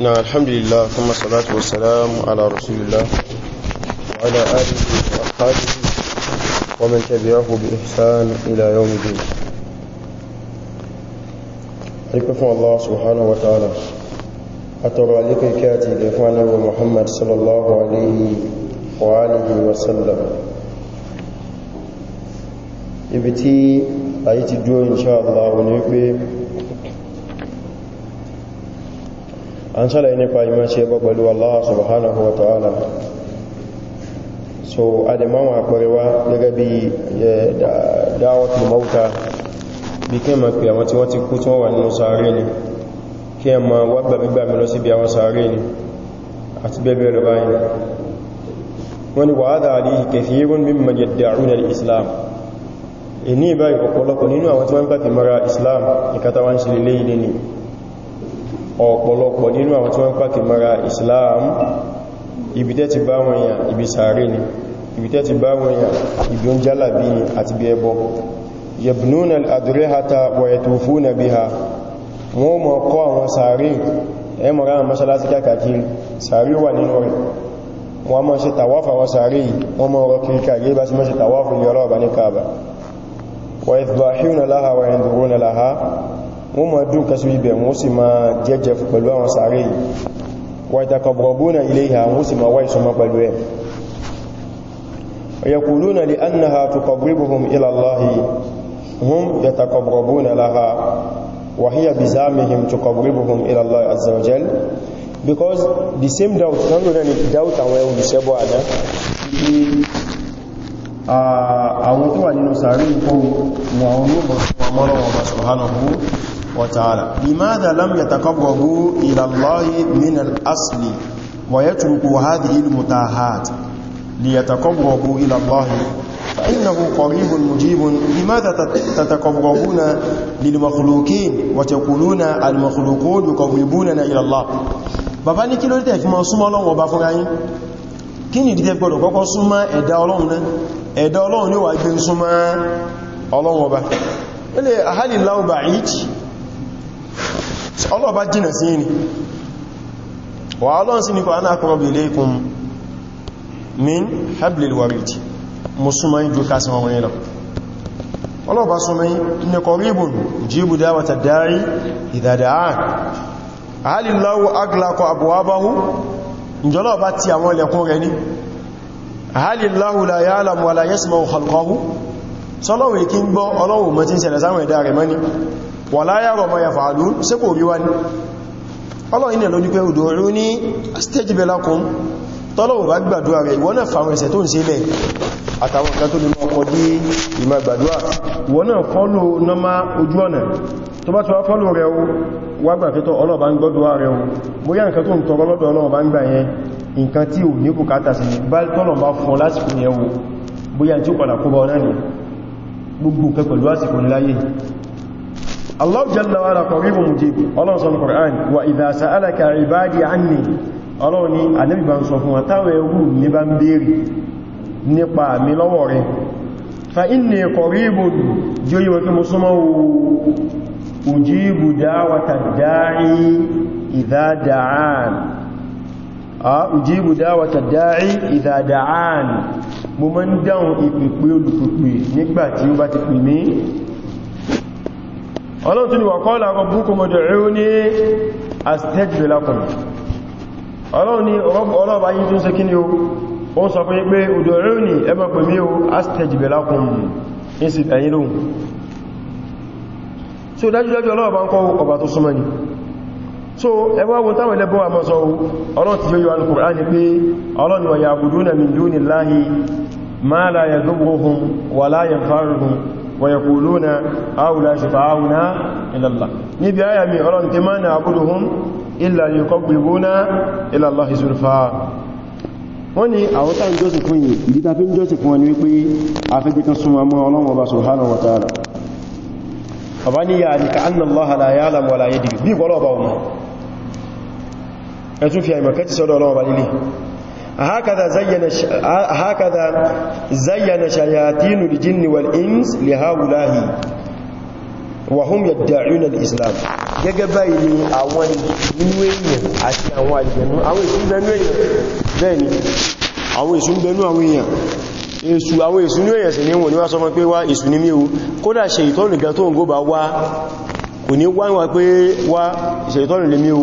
na alhamdulillah kuma salatu wassalamu ala rasulillah wa ala alihi wa ashabihi wa man tabi'ahu bi ihsan ila yawmiddin rikwa fún Allah subhanahu wa ta'ala atọrọ alikun kí a ti ilẹ̀ fún anáwọ̀ Muhammad sallallahu alaihi wa alihi wa sallam ibi tí a yi ti dúró inṣáàlá an ṣàlàyé nípa ìmọ̀ ṣe bọ́ pẹ̀lú Allah subhanahu wa ta'ala so adamawa kwarewa gẹ́gẹ́ bí dáwọ́tí mauta bí kí ma pè àwọn tí wọ́n ti kú tí wọ́n wà nínú sàárè ni kí a ma wábà gbígbà mi lọ sí bí àwọn sàárè ni àti bẹ́bẹ̀ lọ báyìí wọ́n ni wàhádà àdíyí kẹfìyírún mimman yadda'una al-islam ìní ìbáyìí ọ̀pọ̀lọpọ̀ nínú àwọn tí wọ́n ń pàtí mara islam ìkátawà ń ṣe lè ọ̀pọ̀lọpọ̀ nínú àwọn tí wọ́n pàtí mara Islam ibi tẹ́ ti bá wọn yà ibi sàárè ni ibi tẹ́ ti bá wọn yà ibi ń jálàbí ni àti bí ẹbọ yabnuna al-adrihata wa yatufuna biha wọ́n mọ̀ kọ́ àwọn sàárè ẹmọ̀rá masalasi kákàkiri sàárè wà mọ́ ṣe tàwáfà wọ́n sàárè wọ́n mọ́ ọ̀rọ̀ kíríkà yẹ́ bá sí mọ́ ṣe tàwáfà yọ́rọ̀ bá ní Kaaba wa yadhbahuna laha wa yandhuruna laha wọ́n mọ̀ dùn kásù ibẹ̀ wọ́n sì ma jẹ́jẹ́ pẹ̀lú àwọn sàárè yìí wàtàkọ̀bọ̀bọ̀nà ilé ìhà wọ́n sì ma wá ìsọmọ́ pẹ̀lú ẹ̀ ويقولون لأنها تقربهم إلى الله هم يتقربون àwọn tó wà nínú sàárín ìkó wọn àwọn olóògbà wọn mọ́rọ̀ wọn bá subhanahu وتعالى لماذا لم يتقربوا إلى الله من الأصل ويتركوا هذه المتاهات ليتقربوا إلى الله فإنه قريب مجيب لماذا تتقربون للمخلوقين وتقولون المخلوقون يقربوننا إلى الله bàbá ní kí ló dẹ̀ fi máa súnmọ́ Ọlọ́run ọba fúnra yín kí ni ìdíjẹ́ gbọ́dọ̀ kọ́kọ́ súnmọ́ ẹ̀dá Ọlọ́run náà ẹ̀dá Ọlọ́run yóò wà gbé súnmọ́ Ọlọ́run ọba ilẹ̀ ahálìláwò bàáyìí Ọlọ́run bá jìnà sí ni wà Ọlọ́run sí ni kò ana aqrabu ilaykum min hablil warid musulman ju ká sọmọ wọn yìí lọ Ọlọ́run bá sọmọ yìí ní qaribun yujibu da'wata da'i idha da'an alillahu aghlaqa abwabahu ìjọlọ́ wala yara ma yaf'alun ṣé kò rí wá ní ọlọ́run ní lójú pé ud'uni astajib lakum tọ́lọ́wọ̀ bá gbàdúwà rẹ̀ ìwọ náà fàwọn ẹ̀ṣẹ̀ tó ń ṣe bẹ̀ àtàwọn ǹkan tó lè mọ́ ọkọ̀ dé ìmá gbàdúwà ìwọ náà kọlù nọ́má ojú ọ̀nà tó bá tọ́ kọlù rẹ̀ wá gbà fẹ́tọ̀ ọlọ́ọ̀bá ń gbọ́dúwà rẹ̀ bóyá nǹkan tó ń tọrọ lọ́dọ̀ ọlọ́ọ̀bá ń gbà yẹn nǹkan tí gbogbo nǹkan pẹ̀lú àsìkò Allah jalla wa ala qaribun mujib Allah sọ Qur'an wa idha sa'alaka ibadi anni Allah ni Ànábì bá sọ fún atawe ewu ni bá ńbéèrè nípa mi lọ́wọ́ rẹ̀ fa inni qaribun joyi wa kuma suma ujibu da'wata da'i idha da'an a ujibu da'wata da'i idha da'an mo man dáhùn ìpèpè olùpèpè nígbà tí ó bá ti pè mí ọlọ́run tó ní wà qala rabbukum ud'uni astajib lakum ọlọ́run ni ọlọ́ọ̀bá yìí tó ń ṣe kí ni ó sọ fún yín pé ud'uni ẹ máa pè mí o astajib lakum ń sì ẹ̀yìn lóhun so dájúdájú ọlọ́ọ̀bá ń kọ́ yóò al-Qur'an ni pé ọlọ́n wa ya'buduna min dunillahi ma ويقولون هؤلاء شفعاؤنا إلى الله نبي آية من أولا كما نعبدهم إلا ليقربونا إلى الله زلفى wọ́n ni àwọn tàbí jọ́sìn fún yìí ìdí tàbí jọ́sìn fún wọn ni wípé afẹ́jẹ́kan súnmọ́ mọ́ Ọlọ́run Ọba subhanahu wa ta'ala ọba ní yà ní ka'anna Allaha la ya'lamu wa la yadri bí ìkọlọ́ ọba ọmọ ẹ̀tún fi àìmọ̀kẹ́ ti sọ́dọ̀ Ọlọ́run Ọba lílé هكذا زين ش... هكذا زين شياطين الجن والإنس لهؤلاء وهم يدعون الإسلام gẹ́gẹ́ báyìí ni àwọn inú èèyàn àti àwọn àjẹ̀nú àwọn èṣù bẹnú èèyàn bẹ́ẹ̀ ni àwọn èṣù bẹnú àwọn èèyàn èṣù àwọn èṣù ní èèyàn sì ní wọ́n ni wá sọmọ pé wá èṣù ní míhù kódà ṣe ìtọ́nù gan tó ń góbá wá kò ní wá wá pé wá ṣe ìtọ́nù lè míhù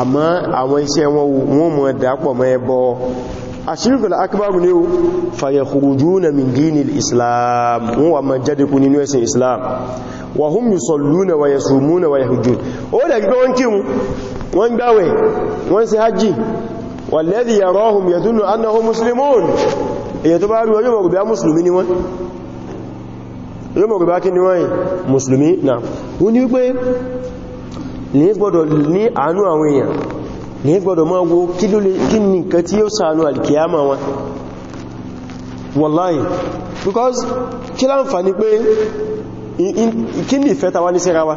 àmọ́ àwọn iṣẹ́ wọn wọ́n mọ̀ dápọ̀ mọ́ ẹbọ ashirikul akbaru ni fa yakhrujuna min dinil islam wọ́n wà máa jáde kú nínú ẹ̀sìn islam wa hum yusalluna wa yasumuna wa yahujjun ó dẹ̀ gbé wọ́n kírun wọ́n gbáwẹ̀ wọ́n ṣe hajji walladhi yarahum ní gbọ́dọ̀ ní àánú àwọn èèyàn ní gbọ́dọ̀ máa wo kí ló lè kí ní nǹkan tí yóò ṣàánú alkiyama wọn wallahi because kí láǹfàní pé kí ní ìfẹ́ tàwa ní síra wa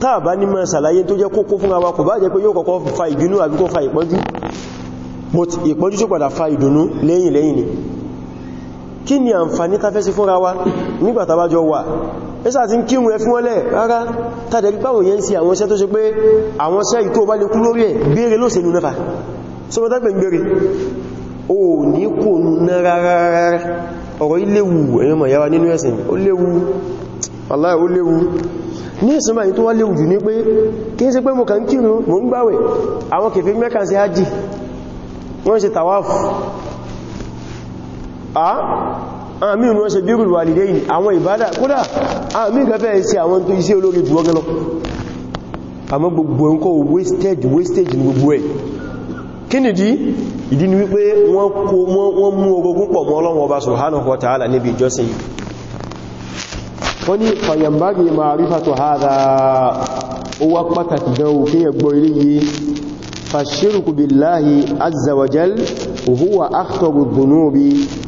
táà bá ní máa ṣàlàyé tó jẹ́ kókó fún wa kò bá jẹ́ pé yóò kọ́kọ́ fa ìbínú àbí kó fa ìpọ́njú but ìpọ́njú tó padà fa ìdùnnú lẹ́yìn lẹ́yìn ni kí ni àǹfàní tá fẹ́ sí fúnra wa nígbàtàbájọ wà ẹsà ti ń kírun ẹ fún wọn lẹ̀ rárá tàbí pàwò yẹn sí àwọn iṣẹ́ tó ṣe pé àwọn iṣẹ́ ìtò bá lè kú lórí ẹ̀ gbére ló sẹ́nu náà sọmọ́tà pẹ̀ ń gbére ò ní kò nù náà rárá ọ̀rọ̀ iléwu ẹ̀yọ́ mọ̀ yára nínú ẹ̀sìn ó léwu aláì ó léwu ní ẹ̀sìn báyìí tó wá léwu jù àmì ìrún ṣe bírù wàlìdé yìí àwọn ìbádà kódà àmì ìgbẹ́fẹ́ sí àwọn tó iṣẹ́ olórí jù ọgẹ́lọ àmọ́ gbogbo ẹ̀kọ́ wasted wasted ní gbogbo ẹ̀ kí ni dí ìdí ni wípé wọ́n kó wọ́n mú ogógún pọ̀ mọ́ Ọlọ́run Ọba subhanahu wa ta'ala níbi ìjọsìn wọ́n ni fàyàmbági ma'rifatu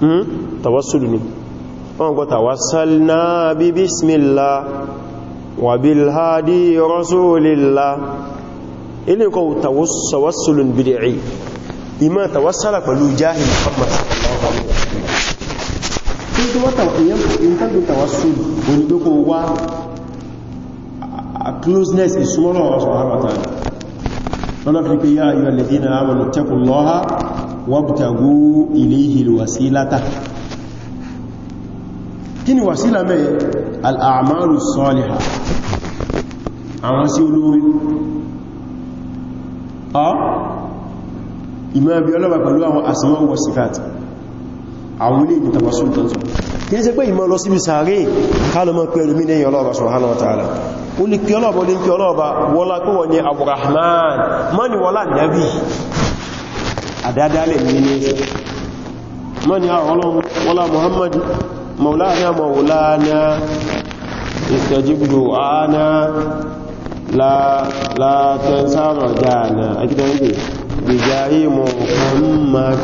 Hmm? tawassulu ni wọ́n gọ́ tawassalna bí bismillah wà bil hadi rasulillah ilé kọ́ tawassulun bid'i ìmá tawassala pẹ̀lú jahil muhammad sallallahu alaihi wasallam closeness ìsúnmọ́lọ́wọ́ sọ̀rọ̀ àwọn àtàrí lọ́nà fi pé yá ayyuhal ladhina amanu wabtagu ilayhi alwasilata kí ni wàsílà mẹ́ al'amalu sọ́lìhà àwọn sí olóorí ọ́ ìmọ̀ bí ọlọ́wà pẹ̀lú àwọn asma'u wa sifat àwọn ilé ìtawàsùn tọ́tù kí ní ṣe pé ìmọ̀ lọ sí misàárè kálọmọ́ pẹ̀lú mí lẹ́yìn ọlọ́ọ̀bá subhanahu wa ta'ala ó ní kí ọlọ́ọ̀bá wọ́lá pé wọ́n ni Abdurrahman mọ́ ni wọ́lá Nabi àdádálẹ̀ nínú ẹ̀sẹ̀ mọ́ ni ọlọ́run muhammad maulana maulana istajibu ana la tansara jana a gidan yake bijayi muhammad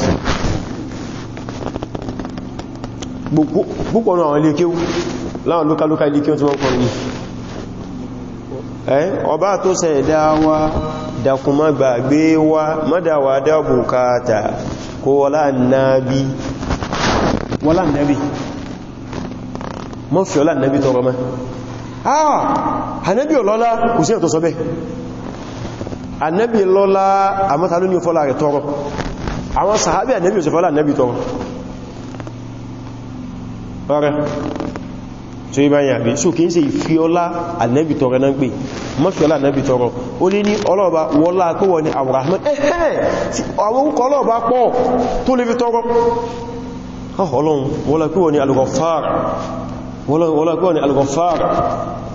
púpọ̀ náà àwọn ilé láwọn lókàlókà ilé tí wọ́n kọrin ọba tó sẹ̀dá wa dákun má gbàgbé wa mọ́dáwà dábò káàtà kó wọlá náàbí wọlá náàbí mọ́ fi ọlá náàbí tọrọ mẹ́ ah anábí ọlọ́lá kò sí ẹ̀tọ́ sọ bẹ́ anábí lọ́lá àmọ́ta ló ní ọfọ́lá rẹ̀ tọrọ àwọn sàhábí anábí òsèfọ́lá anábí tọrọ tó yí báyìí àbí so kìí ṣe ìfiọ́lá ànẹ́bì tọrọ náà gbé mọ́fiọ́lá ànẹ́bì tọrọ ó ní ní ọlọ́ọ̀bá wọ́lá kó wọ́n ni àwòrán ẹ̀hẹ́ àwọn orúkọ ọlọ́ọ̀bá pọ̀ tó lè fi tọrọ ọlọ́run wọ́lá kó wọ́n ni al-Ghaffar wọ́lá kó wọ́n ni al-Ghaffar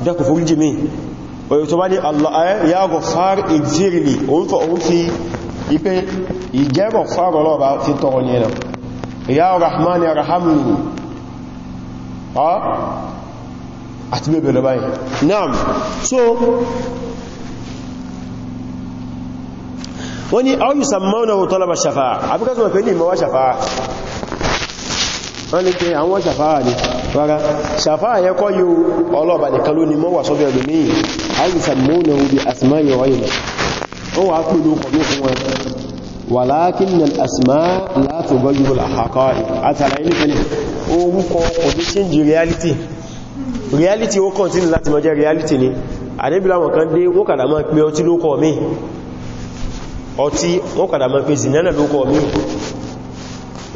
dákò forí jì mí ọ̀yọ̀ tó bá ní ya Ghaffar rahman ya Rahman ya àti bẹ́ẹ̀ lọ báyìí naam so wọ́n ni àwọn ìsànmọ́nà tọ́lába ṣàfàá àbúkásùn pé ní ìmọ̀wá ṣàfàá wọ́n ni pé àwọn ṣàfàá ní rárá ṣàfàá yẹ kọ́ yíò ọlọ́ọ̀bà nìkan ló ní mọ́wà sọ́bẹ̀ ẹlòmíyìn àwọn ìsànmọ́nà bí asmáyọ̀ ọ̀yìn wọ́n wà pè ní reality ó continue láti mọ́ jẹ́ reality ni àdébìlá wọn kan dé wọ́n kàdà mọ́ pé ọtí ló kọ́ mí ọtí wọ́n kàdà mọ́ pé zinana ló kọ́ mí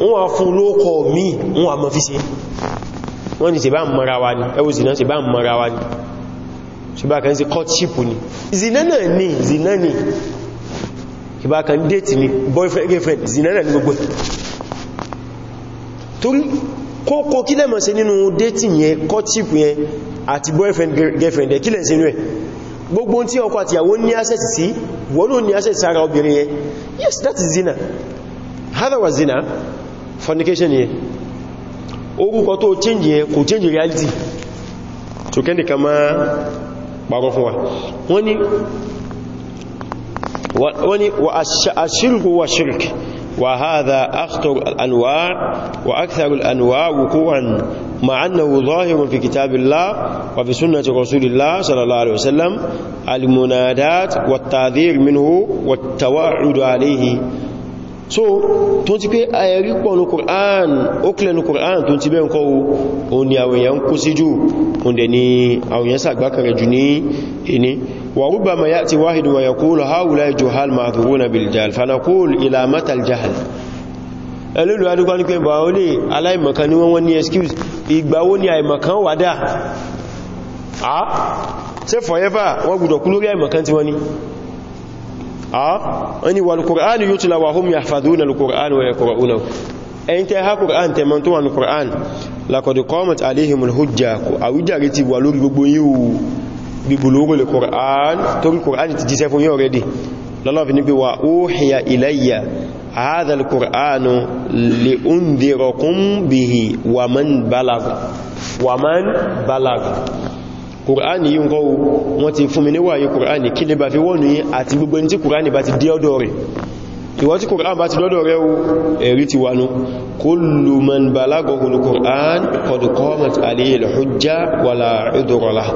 wọ́n a fún ló kọ́ mí wọ́n a mọ́ fi ṣe wọ́n ni ṣebá mọ́ra wa ni ẹwọ́ zina ṣebá mọ́ra wa ni ṣebá kan sí courtship ni zinana ni zinani ṣebá kan date ni boyfriend girlfriend zinana ni gbogbo torí kókó kí lẹ́mọ̀ ṣe nínú dating yẹn courtship yẹn àti boyfriend girlfriend yẹn kí lẹ́ ṣe nínú ẹ̀ gbogbo tí ọkọ àti ìyàwó ní access sí wọ́n ní access sára obìnrin yẹn yes that is zina hadha was zina fornication yẹn orúkọ tó change yẹn kò change reality tó kẹ́ndì ká máa pàrọ fún wa wọ́n wa ashirku wa shirk وهذا أخطر الأنواع وأكثر الأنواع وقوعا مع أنه ظاهر في كتاب الله وفي سنة رسول الله صلى الله عليه وسلم المنادات والتعذير منه والتواعد عليه so tun ti pé ayẹ̀rí pọ̀ ní Qur'an ayari ti bẹ́ ń kọ́ òun ni àwọn èèyàn kó sí kle nu quran tun ti be nko o oun ni sàgbákẹrẹ si ju de ní ẹni وربما يأتي واحد ويقول هؤلاء جهال معذورون بالجهل فنقول إلى متى الجهل ẹlúlù adúgbà ní pé bàá olè aláìmọ̀kan ní wọ́n wọ́n ní excuse ìgbà wo ni àìmọ̀kan wà dáa àá tí forever wọ́n gbùdọ̀ kú lórí àìmọ̀kan tí wọ́n ní àá wọ́n wà al-Qur'an yutla wa hum yahfadhuna al bí bulugul Qur'an torí Qur'an ti jíṣẹ́ fún yóò rẹ̀dì lọ́lọ́fi ní pé wa uhiya ilayya hadha al-Qur'anu li undhirakum bihi wa man balagha wa man balagha kùránì yí ń kọ́ wọ́n ti fún mi ní wáyé kùránì kí lè bá fi wọ́n ní àti gbogbo ní tí kùránì bá ti dé rẹ̀ o ẹ̀rí ti wà nú kullu man balaghahu al-Qur'an qad qamat alayhi al-hujja wala udhra lahu